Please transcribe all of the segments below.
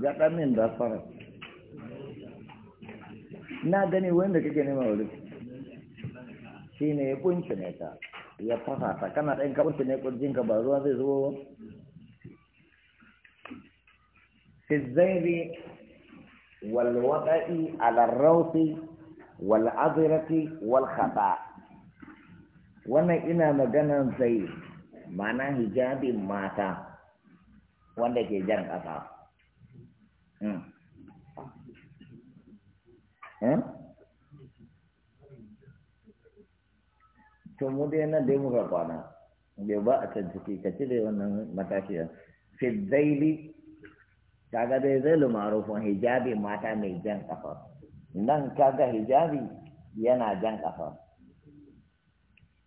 gaɗa min da fara na gani wanda kake nema wuri shi ne ya kunci ne ta ya fasa ta kana ɗan kaɓuci ne ƙurjinka ba ruwa zai zuwa ba fi zairi walwaɗa'i alarrausi wal'azirati walhaɗa wannan ina maganan zai mana hijabin mata wanda ke jan ƙasa Hmm. to mu dai nan dai muka kwana bai ba a can ciki ka cire wannan matashiyar fiddaili kaga dai zai lumarufin hijabi mata mai jan kafa nan kaga hijabi yana jan kafa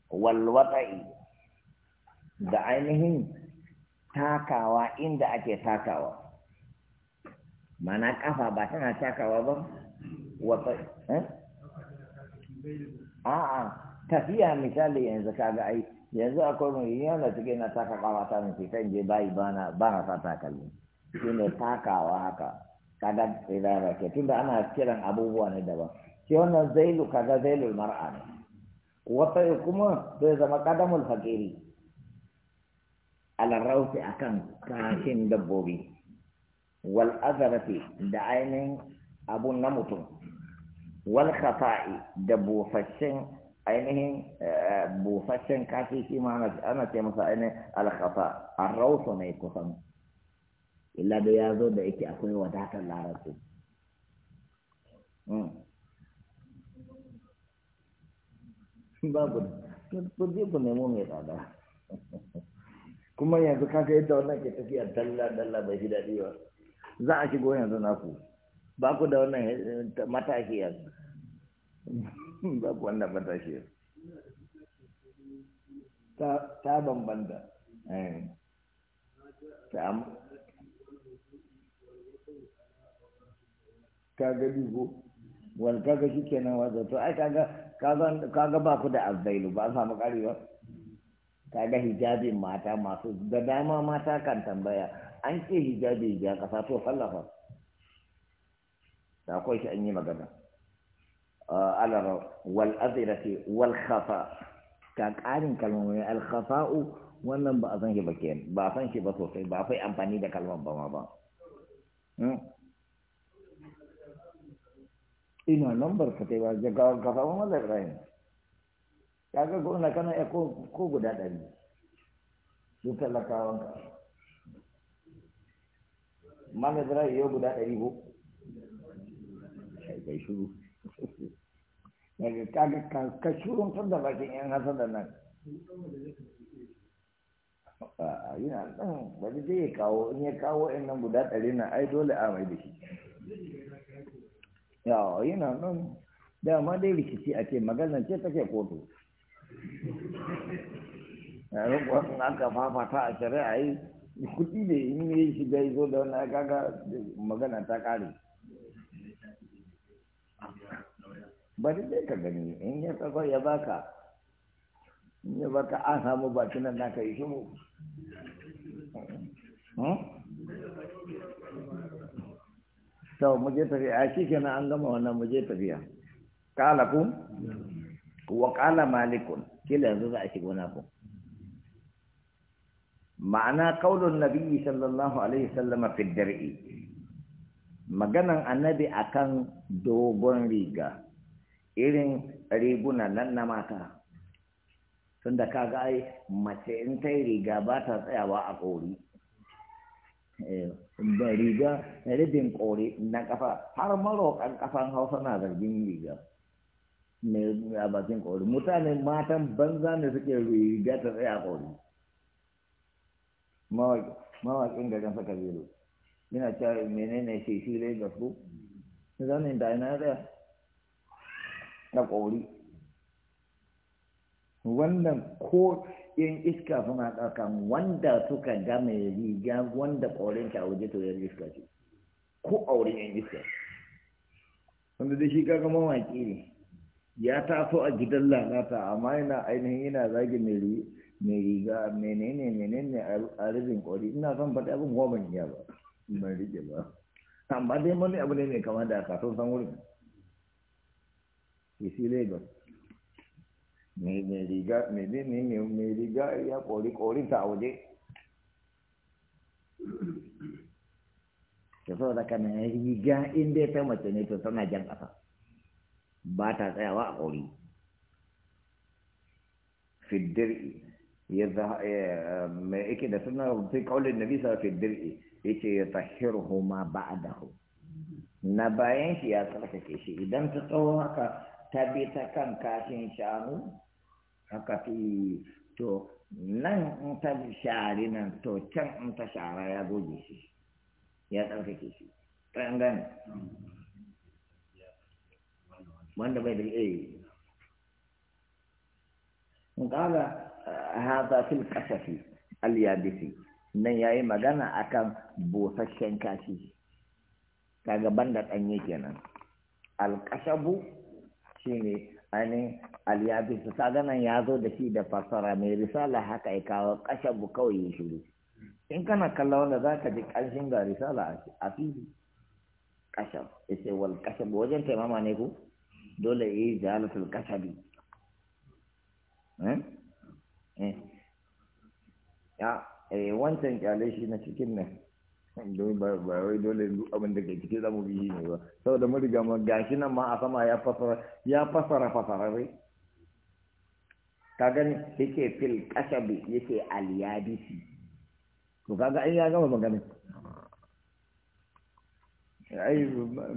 walwata'i da ainihin takawa inda ake takawa mana kafa ba tana takawa ba wata eh a'a tafiya misali yanzu kaga ai yanzu akwai mu yana take na taka kawa ta mu kan je bayi bana bana sa takalmi shine takawa haka kaga idan ba ke tunda ana kiran abubuwa ne daban shi wannan zailu kaga zailul mar'a ne wata kuma zai zama kadamul fakiri ala rausi akan kashin dabbobi wal azarati da ainihin abun na mutum wal khata'i da bufashin ainihin eh, bufashin kashi shi ma ana ce masa ainihin al khata arrausu ne kusan illa da ya zo da yake akwai wadatar larabci hmm. babu ku je ku nemo mai tsada kuma yanzu kaga yadda wannan ke tafiya dalla dalla bai shi daɗi ba za a shigo yanzu na ku ba ku da wannan eh, matashi yanzu ba ku wannan matashi yanzu ta bambanta eh. ta ga ko wani kaga shi kenan wanda to ai kaga kaga ba ku da azzailu ba samu ƙari ba ga hijabin mata masu da dama mata kan tambaya an ce hijabi ya kasa to fallafa da akwai shi an yi magana alara wal azirati wal khafa ka ƙarin kalmomi al khafa'u wannan ba a san shi ba ke ba a san shi ba sosai ba fai amfani da kalmar ba ma ba hmm? ina nan barkatai ba ga kafa mazar rayu ga gona kana ya ko guda ɗari su talakawanka mana zira yau guda ɗari ko kai shuru daga ka shurun tun da bakin yan hasan da nan yana ɗan wani zai ya kawo in ya kawo yan nan guda ɗari na ai dole a mai da shi yawa yana nan dama dai rikici a ce maganar ce take kotu yanzu kuwa sun aka fafata a shari'a yi kuɗi ne in ya shiga ya zo da wani kaga magana ta ƙare da dai ka gani in ya tsaka ya baka in ya baka an samu bakin nan naka yi shimu hmm? to mu je tafiya a shi kenan an gama wannan mu je tafiya kala kun wa kala malikun kila yanzu za a shiga wani abu ma'ana kaulun nabi sallallahu alaihi sallama fi dar'i maganan annabi akan dogon riga irin riguna nan na mata tunda kaga ai mace in ta yi riga ba ta tsayawa a kori eh, da riga na ribin kori na kafa har marokan kafan hausa na zargin riga Ne a bakin kori mutane matan banza ne suke riga ta tsaya a kori mawaƙin garin saka biyu yana cewa menene shi shi dai da su zanen da yana da na ƙori wannan ko in iska suna ɗauka wanda suka game riga wanda ƙorin ta waje to yan iska ce ko auren yan iska wanda dai shi kaga mawaƙi ne ya taso a gidan lalata amma yana ainihin yana zagi mai riga mai riga menene menene a rubin kori ina son faɗi abin kuma ban iya ba ban rike ba amma dai wani abu ne mai kama da kasuwar san wurin isi lagos mai riga menene mai riga ya kori korin ta a waje ta sau da kana riga inda ya mace ne to tana jan ƙasa ba ta tsayawa a kori fiddir'i mai yake da suna fi kaulin nabi sa fi dir'i yace ya tahiruhu ma ba'dahu na bayan shi ya tsarkake shi idan ta tsawo haka ta bi ta kan kashin shanu haka fi to nan in ta share nan to can in ta shara ya goge shi ya wanda bai da هذا في القشف اليابسي nan yayi magana akan busasshen kashi kaga banda danye kenan Al-Qasabu al-kashabu shine ani alyabis kaga nan yazo da shi da fasara mai risala haka ya kawo kashabu kawai shi shiru in kana kallon wanda zaka ji ƙarshen ga risala a fili kashab yace wal kashab wajen taimama ne ku dole yayi jalatul kashabi Eh. ya eh wancan kyale shi na cikin nan don ba wai dole duk abin da ke cikin zamu bi ne ba saboda mun riga mun gashi nan ma a sama ya fasara ya fasara fasarare ka gani yake fil kashabi yake aliyadisi to kaga ai ya gama magana ai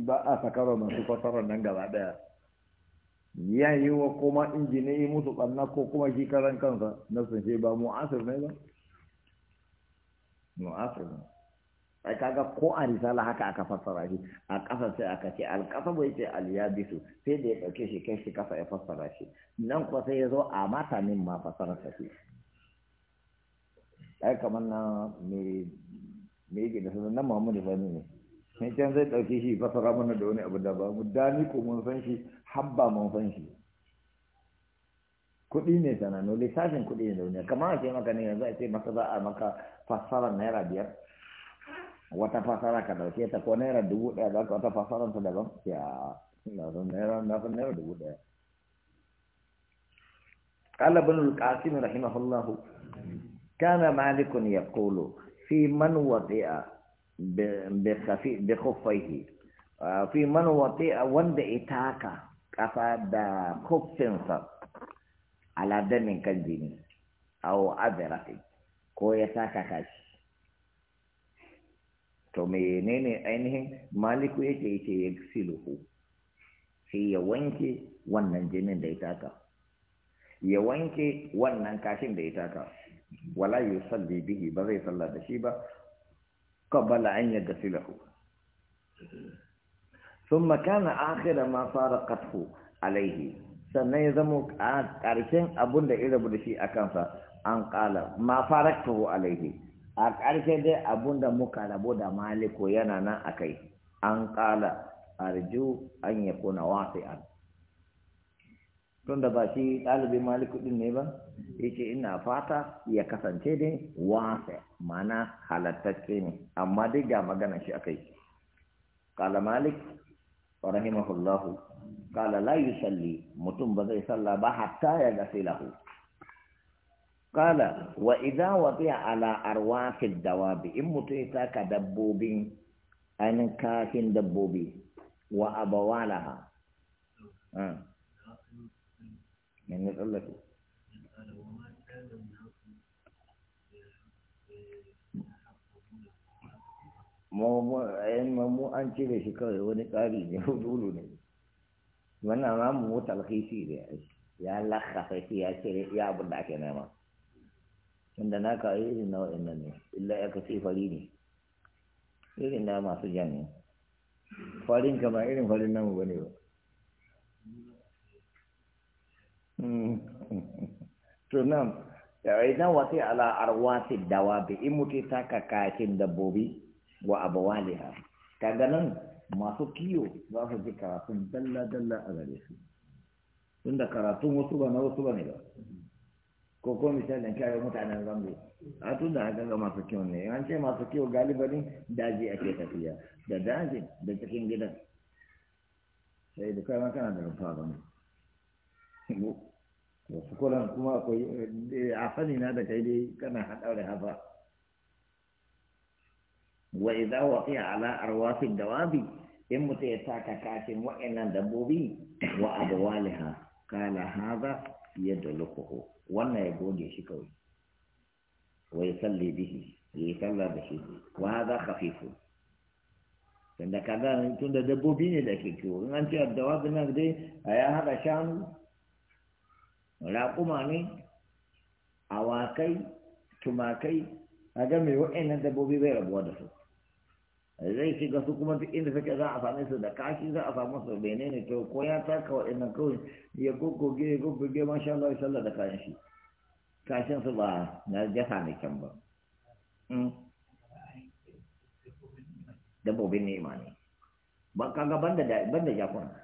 ba a sakaro masu fasara nan gaba daya ya yi wa kuma injini yi musu ɓanna ko kuma shi karan kansa na sun shi ba mu'asir ne ba mu'asir ne ai kaga ko a risala haka aka fassara shi a ƙasa sai aka ce alƙasa bai ce aliyabisu sai da ya ɗauke shi kai shi ƙasa ya fassara shi nan kuwa sai ya zo a mata min ma fassara ta shi ai kamar na me me yake da nan Muhammadu fani ne sai can zai ɗauke shi fassara mana da wani abu da ba mu dani ko mun san shi habba mun san shi kuɗi ne sanannu lissafin kuɗi ne da duniya kamar a ce maka ne yanzu a ce maka za a maka fassarar naira biyar wata fasara ka dauke ta ko naira dubu ɗaya za ka wata fassarar ta daban ya na san naira na san naira dubu ɗaya قال ابن القاسم رحمه الله كان مالك يقول في من وطئ بخفيه في من وطئ وند إتاكا Kafa da kofinsa a kan jini au azirafi ko ya saka kashi to menene ainihin maliku yake yake ya siluhu sai ya wanke wannan jinin da ya taka ya wanke wannan kashin da ya taka wala yusalli bihi ba zai sallah da shi ba qabala an yadda siluhu ثم كان آخر ما a عليه sannan ya zama a ƙarshen abun da ya da shi a kansa an ƙala ma fara alaihi a ƙarshe dai abun da muka rabu da maliko yana nan a kai an ƙala arju an ya kuna Tun tunda ba shi ɗalibin maliku ɗin ne ba ya ce ina fata ya kasance dai wasi mana halattacce ne amma dai ga magana shi a kai. kala malik ورحمه الله قال لا يصلي متوم بذي صلى با حتى يغسله قال وإذا وضع على أرواح الدواب إن متيتا كدبوب أن كاكن دبوب وأبوالها آه. يعني الله mu an cire shi kawai wani tsari ne dole ne wannan ma mu talhisi da ya lakhafa shi ya cire ya abin da ake nema inda na ka irin na wa'annan ne illa ya kace fari ne irin na masu jan ne farin kama irin farin namu bane ba to nan ya idan wasi ala arwasi dawabi in mutu taka kakin dabbobi wa abawaliha kaga nan masu kiyo za su ji karatun dalla-dalla a gare su tunda karatun wasu ba na wasu ba ne ba ko ko misalin kyawar mutanen zambo a tun da haka ga masu kiyo ne an ce masu kiyo galibani daji ake tafiya da daji da cikin gidan sai da kai kana da rufa ba ne wasu kuma akwai eh, a sani na da kai dai kana haɗa da hafa وإذا وقع على أرواف الدواب إن متيتاك كاتم وإن دبوبي وأبوالها قال هذا يدلقه وأنا يقول يشكوي ويصلي به يصلى به وهذا خفيف عند كذا تند دبوبي لكيكو أنت الدواب نقدي أيا هذا شان لا قماني أواكي تماكي أجمع وإن دبوبي بيرب ودفو zai shiga su kuma duk inda suke za a same su da kashi za a samu su bene ne kyau ko ya taka waɗannan kawai ya goggoge ya goggoge masha Allah ya sallah da kayan shi kashin su ba na jasa ne can ba hmm? dabbobin ma ne ba kaga banda banda jakuna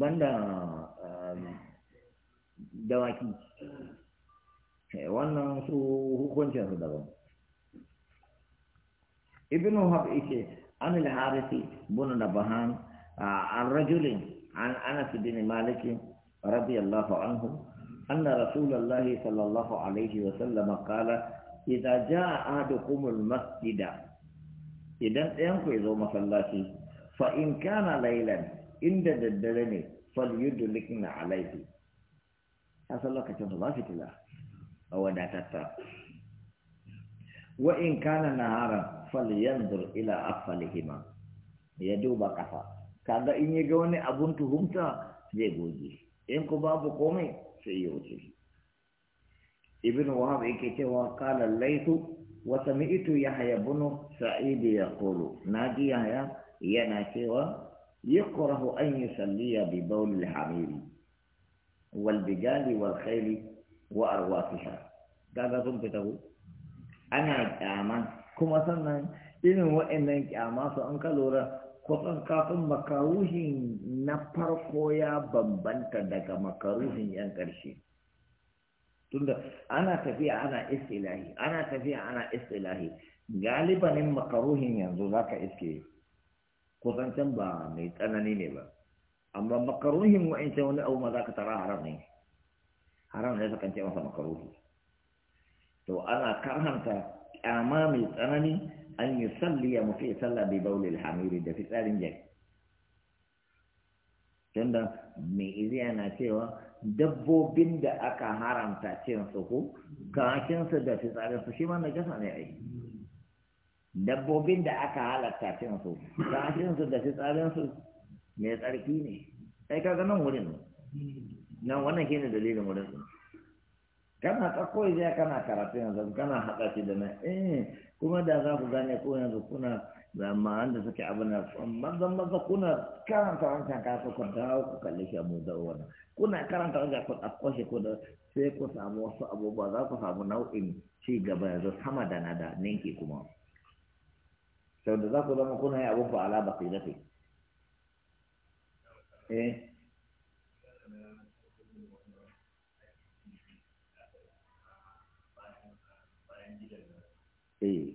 banda um, dawaki eh, wannan su hukuncin su daban ابن وهب ايشي عن الحارث بن نبهان عن رجل عن انس بن مالك رضي الله عنه ان رسول الله صلى الله عليه وسلم قال اذا جاء احدكم المسجد idan ɗayan ku ya zo masallaci fa in kana lailan inda daddare ne fal yudu likina a laifi a san lokacin ba fitila a wadatatta wa in kana naharan falyanzur ila afalihima ya duba kafa kaga in ya ga wani abun tuhumta zai goge in ku babu komai sai ya wuce ibn wahab yake cewa qala laythu wa sami'tu yahya ibn sa'id yaqulu naji yahya yana cewa yakrahu an yi bi bawl al-hamiri wal bijali wal khayli wa arwafiha kaga sun fita ana kyaman kuma sannan irin waɗannan kyama su an ka lura kusan kafin makaruhin na farko ya bambanta daga makaruhin yan ƙarshe tunda ana tafiya ana istilahi ana tafiya ana istilahi galibanin makaruhin yanzu za ka iske kusancin ba mai tsanani ne ba amma makaruhin wa'ancan wani abu ma za ka tara haram ne haram ne sukan ce masa makaruhi to ana karhanta kyama mai tsanani an yi salli ya mutu ya salla bai baule hamiri da fitsarin jari tunda mai iziya na cewa dabbobin da aka haramta cinsu ko kakinsu da fitsarinsu shi ma gasa ne ai dabbobin da aka halatta su kakinsu da fitsarinsu mai tsarki ne ka kaga nan wurin nan wannan shine dalilin wurin kana ta koyi zai kana karatu yanzu kana haɗa shi da na eh kuma da za ku gane ko yanzu kuna ma'an da suke abin da mazan maza kuna karanta wancan kasa ku dawo ku kalli shi mu da wani. kuna karanta wancan ku ɗauko shi ku da sai ku samu wasu abubuwa za ku samu nau'in ci gaba yanzu sama da na da ninki kuma sau da za ku zama kuna yi abubuwa ala ba sai da eh eh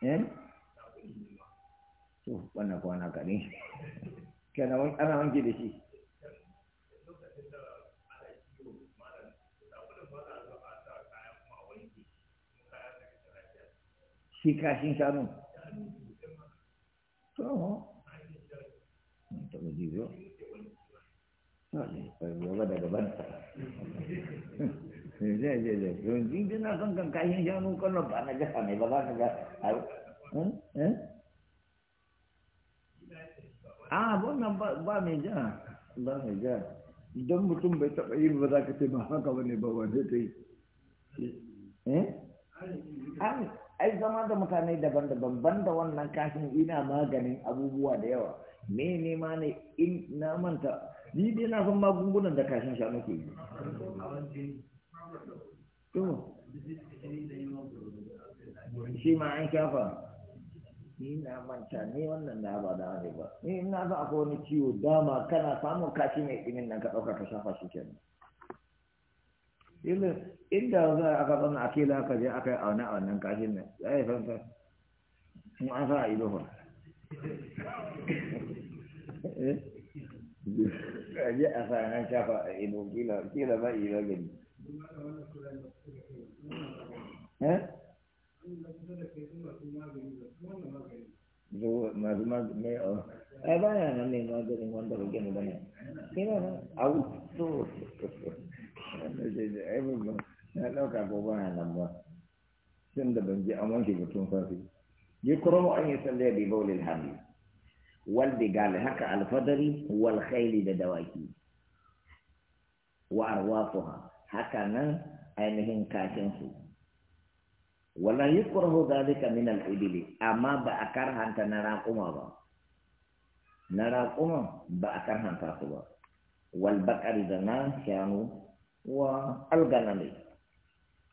eh to wannan ko na gani kana wani ana wanke da shi shi kashin shanu to to zai zai zai yanzu idan na son kan kashin shanu kallon ba na ne ba za ka ga a wannan ba mai ja ba mai ja idan mutum bai taɓa yin ba za ka ce haka ba ne ba wanda ta yi ai zama da mutane daban-daban ban da wannan kashin ina maganin abubuwa da yawa me ne ma ne in na manta ni dai na san magungunan da kashin shanu ke yi to shi ma an shafa ni na manta ni wannan da ba da wani ba ni na za ko wani ciwo dama kana samun kashi mai ɗinin nan ka ɗauka ka shafa shi kenan ilin inda za a ka zana a kila aka je aka yi aune a wannan kashin nan eh, ya yi fanta eh? in an sa a ido fa a je a sa an shafa a ido kila ba ido gani masu mai a ai ba na nan ne maganin wanda ba gina ba ne kina nan a wuto ai ba na ɗauka ko ba na nan ba tun da ban ji an wanke mutum safi yi kurmu an yi sallaya bi baulil hamdi wal bigal haka alfadari wal khaili da dawaki wa arwafuha haka nan ainihin kashinsu wala yukrahu dhalika min al amma ba a karhanta na raƙuma ba na raƙuma ba a karhanta su ba wal da na shanu wa al-ganami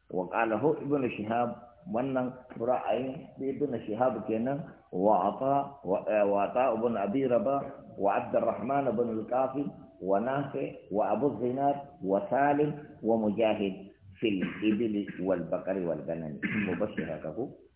wa qala ibn shihab wannan ra'ayin ibn shihab kenan wa ata wa eh, ata ibn abi raba wa abd ibn al ونافع وأبو الزناد وسالم ومجاهد في الإبل والبقر والغنم مبشر هكذا